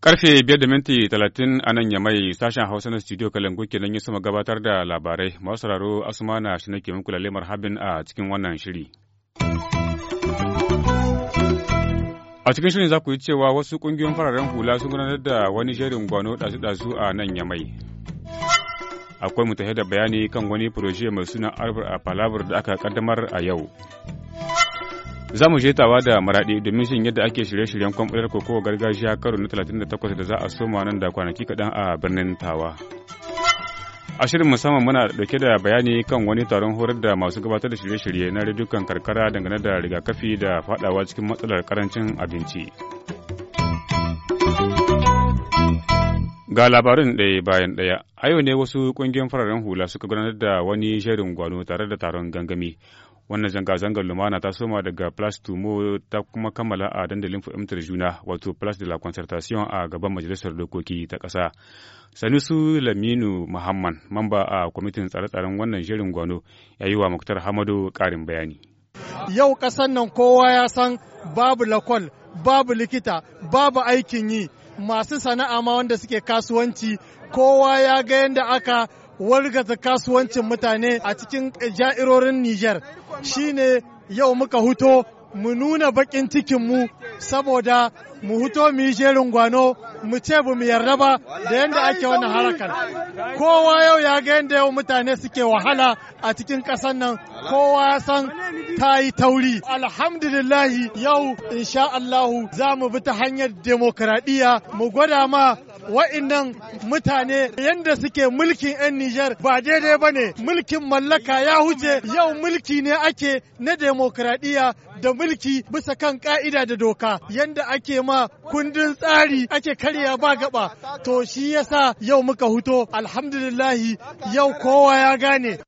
Karfe biyar da minti talatin a nan ya mai sashen Hausa na studio Kalangu kenan ya sama gabatar da labarai. Masu raro Asuma na shi nake muku lalle marhabin a cikin wannan shiri. A cikin shirin za ku yi cewa wasu ƙungiyoyin fararen hula sun gudanar da wani jerin gwano ɗazu-ɗazu a nan ya mai. akwai mu da bayani kan wani proje mai suna arbar a palabar da aka kaddamar a yau za mu je tawa da maraɗi domin shin yadda ake shirye-shiryen kwamfutar koko gargajiya karo na 38 da za a soma nan da kwanaki kaɗan a birnin tawa a shirin musamman muna ɗauke da bayani kan wani taron horar da masu gabatar da shirye-shirye na redukan karkara dangane da rigakafi da faɗawa cikin matsalar karancin abinci. Ga labarin ɗaya bayan ɗaya, a yau ne wasu ƙungiyar fararen hula suka gudanar da wani shirin gwano tare da taron gangami. Wannan zanga-zangar lumana ta soma daga Place Tumo ta kuma kammala a dandalin fahimtar juna wato Place de la Concertation a gaban Majalisar Dokoki ta ƙasa. Sanusu Laminu Muhammad, mamba a kwamitin tsare-tsaren wannan shirin gwano, ya yi wa Muktar Hamadu ƙarin bayani. Yau ƙasar nan kowa ya san babu lakol, babu likita, babu aikin yi. masu sana'a ma wanda suke kasuwanci kowa ya ga yadda aka wargaza kasuwancin mutane a cikin ja'irorin Nijar shine yau muka huto mu nuna bakin cikinmu saboda mu huto mu yi jerin gwano mu ce ba mu yarda ba da yadda ake wannan harakar kowa yau ya ga yadda yau mutane suke wahala a cikin ƙasar nan kowa ya san ta yi tauri alhamdulillahi yau insha Allahu za mu bi ta hanyar demokradiyya mu gwada ma wa'innan mutane yadda suke mulkin 'yan Nijar ba daidai ba ne mulkin mallaka ya huce yau mulki ne ake na demokradiyya da mulki bisa kan ka'ida da doka yadda ake ma kundin tsari ake karya ba gaba to shi yasa yau muka huto alhamdulillahi yau kowa ya gane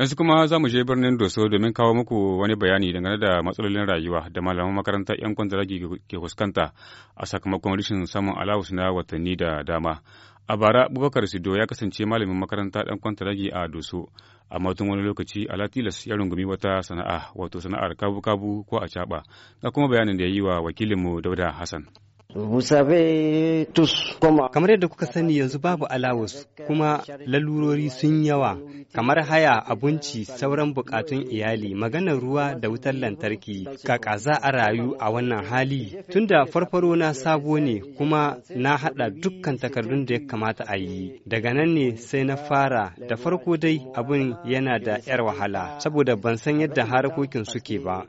Yanzu kuma za mu je birnin Doso domin kawo muku wani bayani dangane da matsalolin rayuwa da malaman makarantar 'yan kwantaragi ke fuskanta a sakamakon rashin samun alawus na watanni da dama. A bara, Abubakar Sido ya kasance malamin makaranta yan ragi a Doso, amma tun wani lokaci Alatilas ya rungumi wata sana'a, wato sana'ar kabu-kabu ko a caɓa, ga kuma bayanin da ya yi wa wakilinmu Dauda Hassan. Kamar yadda kuka sani yanzu babu alawus kuma lalurori sun yawa kamar haya abinci sauran bukatun iyali maganar ruwa da wutar lantarki kaka za a rayu a wannan hali tunda farfaro na sabo ne kuma na hada dukkan takardun da ya kamata a yi daga nan ne sai na fara da farko dai abin yana da yar wahala saboda ban yadda harakokin suke ba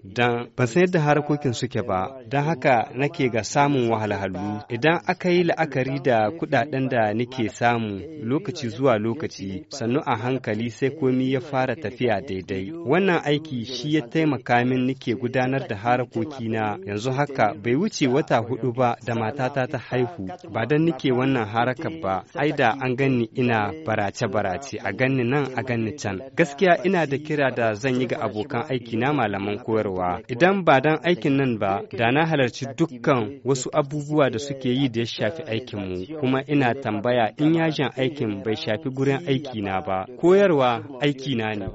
ban san yadda harakokin suke ba don haka nake ga samun wahala wahalhalu idan aka yi la'akari da kudaden da nake samu lokaci zuwa lokaci sannu a hankali sai komi ya fara tafiya daidai wannan aiki shi ya taimaka min nake gudanar da harakokina yanzu haka bai wuce wata hudu ba da matata ta haihu ba don nake wannan harakar ba ai da an ganni ina barace-barace a ganni nan a ganni can gaskiya ina da kira da zan yi ga abokan aiki na malaman koyarwa idan ba dan aikin nan ba da na halarci dukkan wasu abubuwa abubuwa da suke yi da ya shafi aikinmu kuma ina tambaya in yajin aikin bai shafi gurin aikina ba koyarwa aikina ne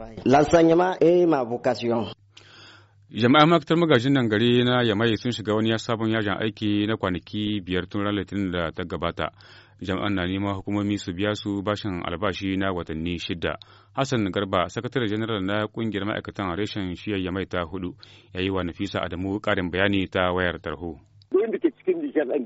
eh, jama'a ma'aikatar magajin nan gari na yamai sun shiga wani sabon yajin aiki na kwanaki biyar tun ran litinin da ta gabata jama'an na neman hukumomi su biya su bashin albashi na watanni shida hassan garba sakatare janaral na kungiyar ma'aikatan reshen shiyar yamai ta hudu ya yi wa nafisa adamu karin bayani ta wayar tarho.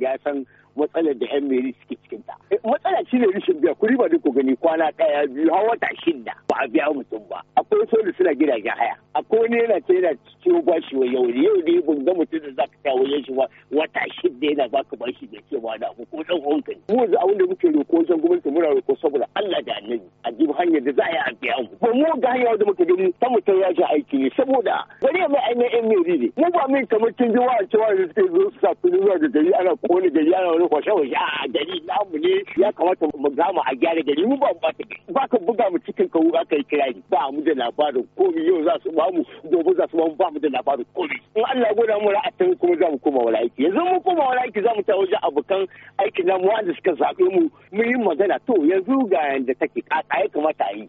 Jackson matsalar da yan meri suke cikin ta eh, matsala ne rishin biya kuri ba ku gani kwana ɗaya biyu har wata shida ba a biya mutum ba akwai soli suna gidajen haya akwai wani yana ta yana cikin bashi wa yau yau ne ya ga mutum da ka ta wajen shi ba wata shida yana baka bashi da ke ba da abu ko ɗan uwanka ne mu abin da muke roƙo wajen gwamnati muna roƙo saboda Allah da Annabi a jibi hanyar da za a yi a biya mu ba mu ga hanyar da muka gani ta mutum ya ji aiki ne saboda gari mai ainihin yan meri ne mu ba min kamar kin ji wa'ancewa da suke zo su sa kudi zuwa da gari ana kone gari ana wani kwashe-kwashe a gari namu ne ya kamata mu gama a gyara gari mu ba mu ba ka buga mu cikin ka wuka kai kirari ba mu da labarin komi yau za su ba mu gobe za su ba mu ba mu da labarin komi in Allah goda mu ra'atin kuma za mu koma wala aiki yanzu mu koma wala aiki za mu ta wajen abokan aikin namu wanda suka zaɓe mu mu yi magana to yanzu ga yanda take kaka ya kamata a yi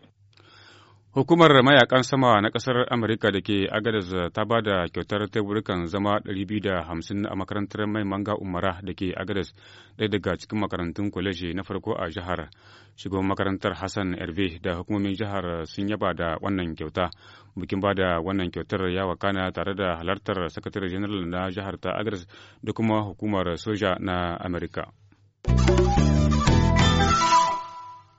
Hukumar mayakan sama na ƙasar Amurka da ke Agadez ta ba da kyautar teburukan zama 250 a makarantar mai manga umara da ke Agadez ɗaya daga cikin makarantun kwaleji na farko a jihar. Shugaban makarantar Hassan Erve da hukumomin jihar sun yaba da wannan kyauta. Bikin ba da wannan kyautar ya wakana tare da halartar sakatare jeneral na jihar ta Agadez da kuma hukumar soja na Amurka.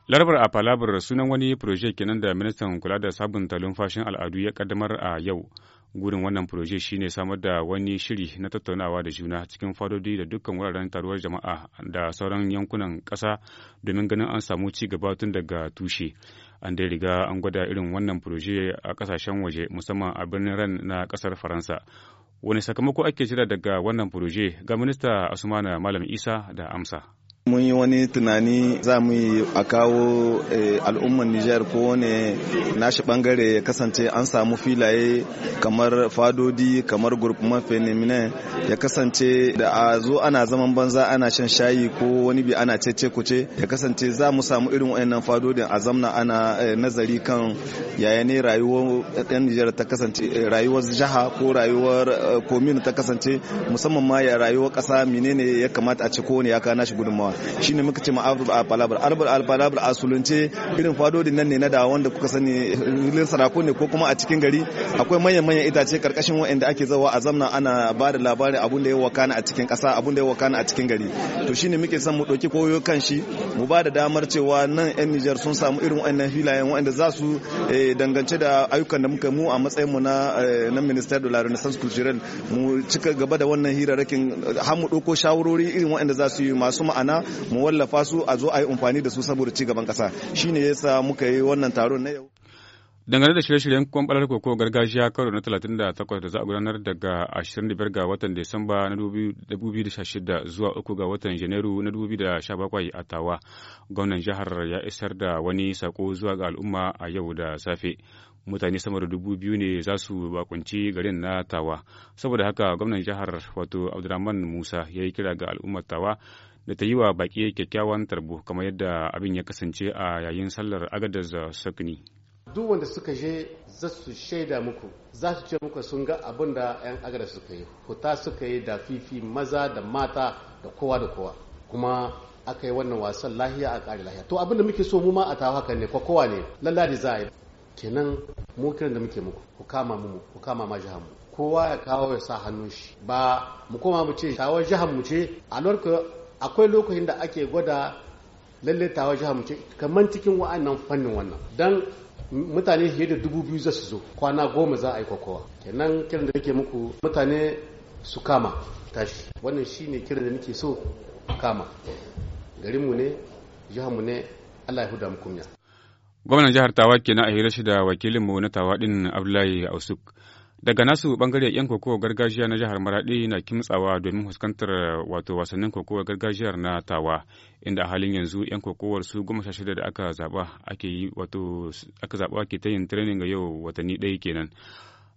Larabar a Falabar sunan wani proje kenan da ministan kula da sabon sabunta lumfashin al'adu ya kaddamar a yau. Gurin wannan proje shine samar da wani shiri na tattaunawa da juna cikin fadodi da dukkan wuraren taruwar jama'a da sauran yankunan kasa domin ganin an samu ci gaba tun daga tushe. An dai riga an gwada irin wannan proje a kasashen waje musamman a birnin Ran na kasar Faransa. Wani sakamako ake jira daga wannan proje ga minista Asumana Malam Isa da amsa. mun yi wani tunani za mu yi a kawo eh, al'ummar Nijar ko wani nashi bangare ya kasance an samu filaye kamar fadodi kamar gurkuman fenomene ya kasance da a zo ana zaman banza ana shan shayi ko wani bi ana cece kuce ya kasance za mu samu irin wayannan fadodin a zamna ana eh, nazari kan yaya ne rayuwar Nijar ta kasance eh, rayuwar jiha ko rayuwar komin ta kasance musamman ma ya rayuwar kasa menene ya kamata a ci ko wani ya kana shi gudunmawa shine muka ce ma'arub al a sulunce irin fadodin nan ne na dawa wanda kuka sani rilin sarako ne ko kuma a cikin gari akwai manyan manyan itace karkashin waɗanda ake zawa a zamna ana ba da labarin abun da ya wakana a cikin ƙasa abun da ya wakana a cikin gari to shine muke son mu dauki koyo kan shi mu ba da damar cewa nan 'yan Nijar sun samu irin waɗannan filayen waɗanda za su eh, dangance da ayyukan da muka mu a matsayin mu na eh, na Minister de la Renaissance Culturelle mu cika gaba da wannan hirarrakin har mu ɗauko shawarori irin waɗanda za su yi masu ma'ana mu wallafa su a zo a yi amfani da su saboda ci gaban kasa shine yasa muka yi wannan taron na yau dangane da shirye-shiryen balar koko gargajiya karo na 38 da za a gudanar daga 25 ga watan Desamba na 2016 zuwa 3 ga watan Janairu na 2017 a Tawa, gwamnan jihar ya isar da wani sako zuwa ga al'umma a yau da safe. Mutane sama da dubu biyu ne za su bakunci garin na Tawa. Saboda haka gwamnan jihar wato Abdulrahman Musa ya yi kira ga al'ummar Tawa da ta yi wa baƙi kyakkyawan tarbo kamar yadda abin ya kasance a yayin sallar agadar sakni. duk wanda suka je za su shaida muku za su ce muku sun ga abin da 'yan agada suka yi kuta suka yi da fifi maza da mata da kowa da kowa kuma aka yi wannan wasan lahiya a ƙari lahiya to abin da muke so mu ma a tawa haka ne kowa ne da za a yi kenan mu da muke muku ku kama mu ku kama ma jihar mu kowa ya kawo ya sa hannun shi ba mu koma mu ce shawar jihar mu ce a lokacin akwai lokacin da ake gwada lalle tawa jihar muke kamar cikin wa'annan fannin wannan dan mutane fiye da dubu biyu zasu su zo kwana goma za a yi kokowa kenan kiran da nake muku mutane su kama tashi wannan shine kiran da nake so kama mu ne mu ne allah ya huda mu kunya gwamnan jihar tawa kenan a hira shi da mu na tawa din abdullahi ausuk daga nasu bangare yan kokowa gargajiya na jihar maradi na kimtsawa domin fuskantar wato wasannin kokowa gargajiyar na tawa inda a halin yanzu yan kokowar su goma sha shida da aka zaba ake yi wato aka zaba ake ta yin training ga yau watanni ɗaya kenan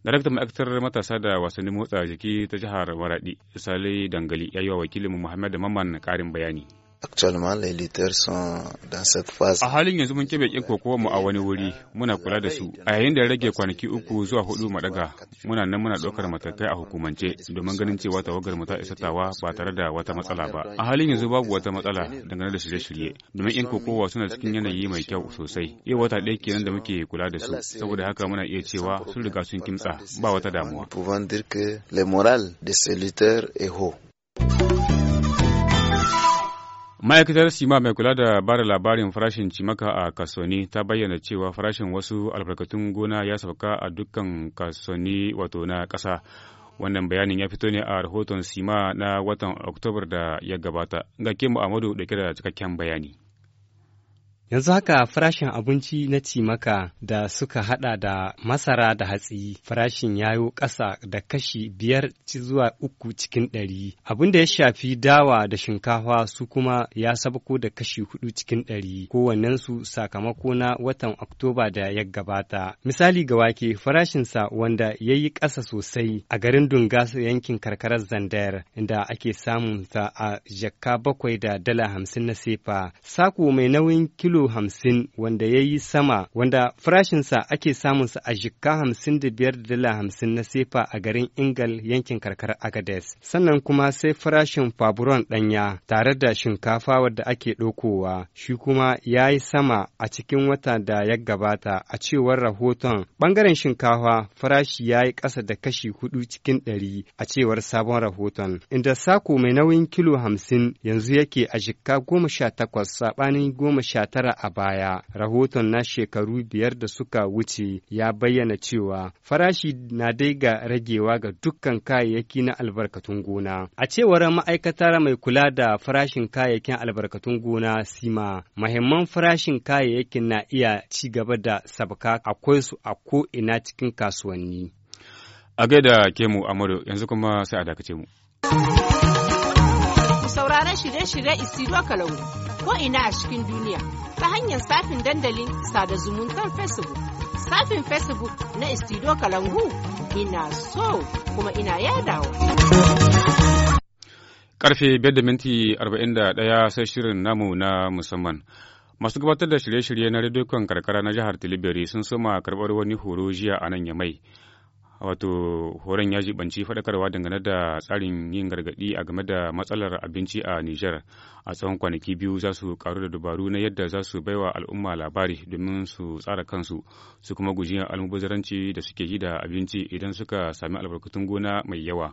daraktan ma'aikatar matasa da wasannin motsa jiki ta jihar maradi sale dangali ya yi wa wakilinmu muhammad mamman karin bayani Actuellement, les sont dans cette phase. A halin yanzu mun kebe kokowar mu a wani wuri, muna kula da su. A yayin da rage kwanaki uku zuwa hudu maɗaga muna nan muna ɗaukar matakai a hukumance domin ganin cewa tawagar mu ta isa tawa ba tare da wata matsala ba. A halin yanzu babu wata matsala dangane da shirye-shirye, domin yan kokowa suna cikin yanayi mai kyau sosai. Yau wata ɗaya kenan da muke kula da su, saboda haka muna iya cewa sun riga sun kimtsa ba wata damuwa. Pouvons dire que le moral de ces lutteurs haut. ma'aikatar sima mai kula da bada labarin farashin cimaka a kasoni ta bayyana cewa farashin wasu albarkatun gona ya sauka a dukkan kasoni wato na ƙasa wannan bayanin ya fito ne a rahoton sima na watan oktobar da ya gabata ga kemu amadu da da cikakken bayani Yanzu haka farashin abinci na cimaka da suka hada da masara da hatsi farashin yayo ƙasa da kashi biyar zuwa uku cikin ɗari. Abin da ya shafi dawa da shinkafa su kuma ya sabako da kashi hudu cikin ɗari su sakamako na watan Oktoba da ya gabata. Misali ga wake farashinsa wanda ya yi ƙasa sosai a garin Dunga yankin karkarar Zandayar inda ake samun sa a jakka bakwai da dala hamsin na sefa. Sako mai nauyin kilo hamsin wanda ya yi sama wanda farashinsa ake samunsa a jikka hamsin da biyar dala hamsin na sefa a garin Ingal yankin karkar Agades. Sannan kuma sai farashin faburon ɗanya tare da shinkafa wadda ake ɗaukowa shi kuma ya yi sama a cikin wata da ya gabata a cewar rahoton Bangaren shinkafa farashi ya yi ƙasa da kashi hudu cikin ɗari a cewar sabon rahoton inda sako mai nauyin kilo hamsin yanzu yake a jikka goma sha takwas saɓanin goma sha tara shekara a baya. Rahoton na shekaru biyar da suka wuce ya bayyana cewa farashi na dai ga ragewa ga dukkan kayayyaki na albarkatun gona. A cewar ma'aikatar mai kula da farashin kayayyakin albarkatun gona Sima, mahimman farashin kayayyakin na iya ci gaba da sabka akwai su a ko'ina cikin kasuwanni. A gaida ke mu Amadu yanzu kuma sai a dakace mu. Sauraron shirye-shirye isi ko ina a cikin duniya ta hanyar safin dandalin sada zumuntar Facebook. Safin Facebook na Istido Kalangu ina so kuma ina yadawa. Karfe da ɗaya sai shirin namu na musamman. Masu gabatar da shirye-shirye na rediyon karkara na jihar Tilibiri sun soma karɓar wani horo jiya a nan ya mai. wato horon ya jibanci faɗakarwa dangane da tsarin yin gargaɗi a game da matsalar abinci a Nijar. A tsawon kwanaki biyu za su karu da dabaru na yadda za su baiwa al'umma labari domin su tsara kansu su kuma guji almubazaranci da suke yi da abinci idan suka sami albarkatun gona mai yawa.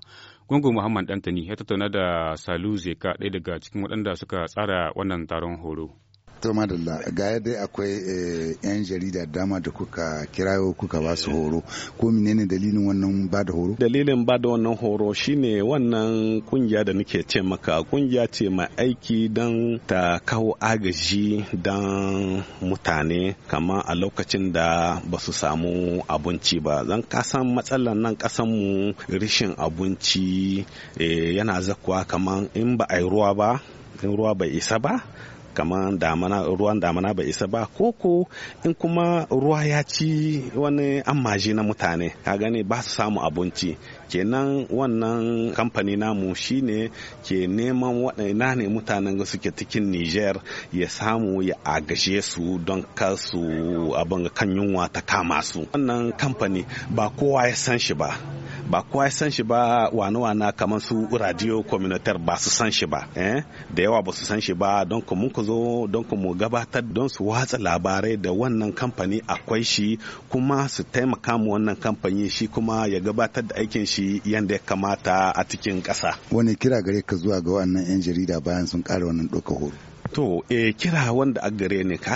Gungu Muhammad Dantani ya tattauna da Salu Zeka ɗaya daga cikin waɗanda suka tsara wannan taron horo. to madalla ga dai akwai eh, yan jarida dama da kuka kirayo kuka ba su horo ko menene dalilin wannan ba da horo dalilin ba da wannan horo shine wannan kungiya da nake ce maka kungiya ce mai aiki don ta kawo agaji don mutane kamar a lokacin da ba su samu abinci ba zan kasan matsalar nan kasan mu rishin abinci eh, yana zakuwa kaman in ba a yi ruwa ba ruwa bai isa ba kamar damana ruwan damana bai isa ba koko in kuma ruwa ya ci wani ammaji na mutane ka gani ba su samu abinci kenan wannan kamfani namu shine ke neman waɗanda ne mutanen ga suke cikin niger ya samu ya agashe su don kasu abin kan yunwa ta kama su wannan kamfani ba kowa ya san shi ba ba kowa san shi ba wani wana kamar su radio communautaire ba su san shi ba eh? da yawa ba su san shi ba don mun ku zo don mu gabatar don su watsa labarai da wannan kamfani akwai shi kuma su taimaka mu wannan kamfani shi kuma ya gabatar da aikin shi shi yadda ya kamata a cikin ƙasa. Wani kira gare ka zuwa ga wannan 'yan jarida bayan sun ƙara wannan ɗauka horo? To, e, kira wanda a gare ne, ka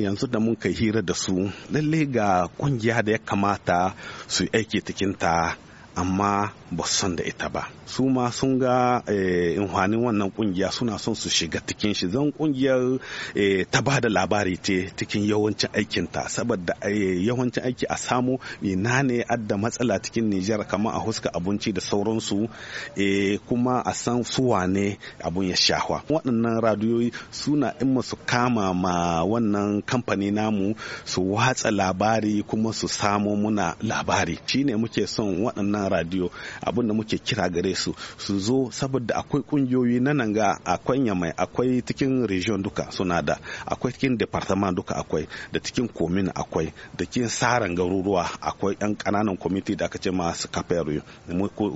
yanzu da mun kai hira da su, lalle ga ƙungiya da ya kamata su aiki cikinta amma ba son da ita ba su ma sun ga inhwanin eh, wannan kungiya suna son su shiga cikin shi zan kungiyar eh, ta ba da labari ce cikin yawancin aikinta saboda eh, yawancin aiki a samu ina ne adda matsala cikin Nijar kamar a huska abinci da sauransu kuma a san suwa ne abun ya shahwa waɗannan radiyoyi suna in su kama ma wannan kamfani namu su watsa labari kuma su samu muna labari shine muke son waɗannan gidan radiyo abinda muke kira gare su su zo saboda akwai kungiyoyi na nan ga akwai yamai akwai cikin region duka suna da akwai cikin department duka akwai da cikin komin akwai da cikin saran garuruwa akwai yan kananan komiti da aka ce ma scaperio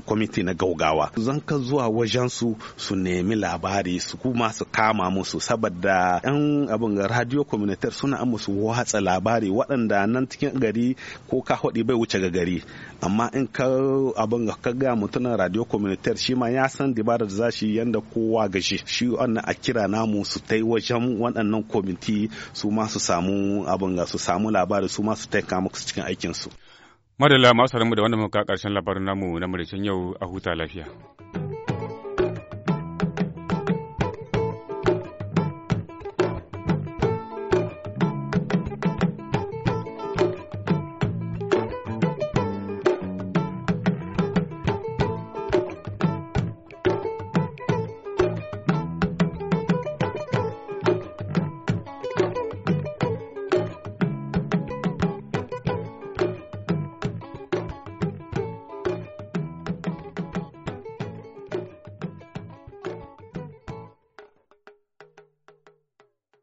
komiti na gaugawa zan ka zuwa wajen su su nemi labari su kuma su kama musu saboda yan abin radio communautaire suna musu watsa labari waɗanda nan cikin gari ko ka bai wuce ga gari amma in ka abin ka ga mutumin radio communitar shi ma ya san dabarar da za shi yanda kowa gashi shi wannan a kira namu su tai wajen waɗannan kwamiti su ma su samu abin ga su samu labari su ma su kama su cikin aikin su madalla masu da wanda muka karshen labarin namu na mulkin yau a huta lafiya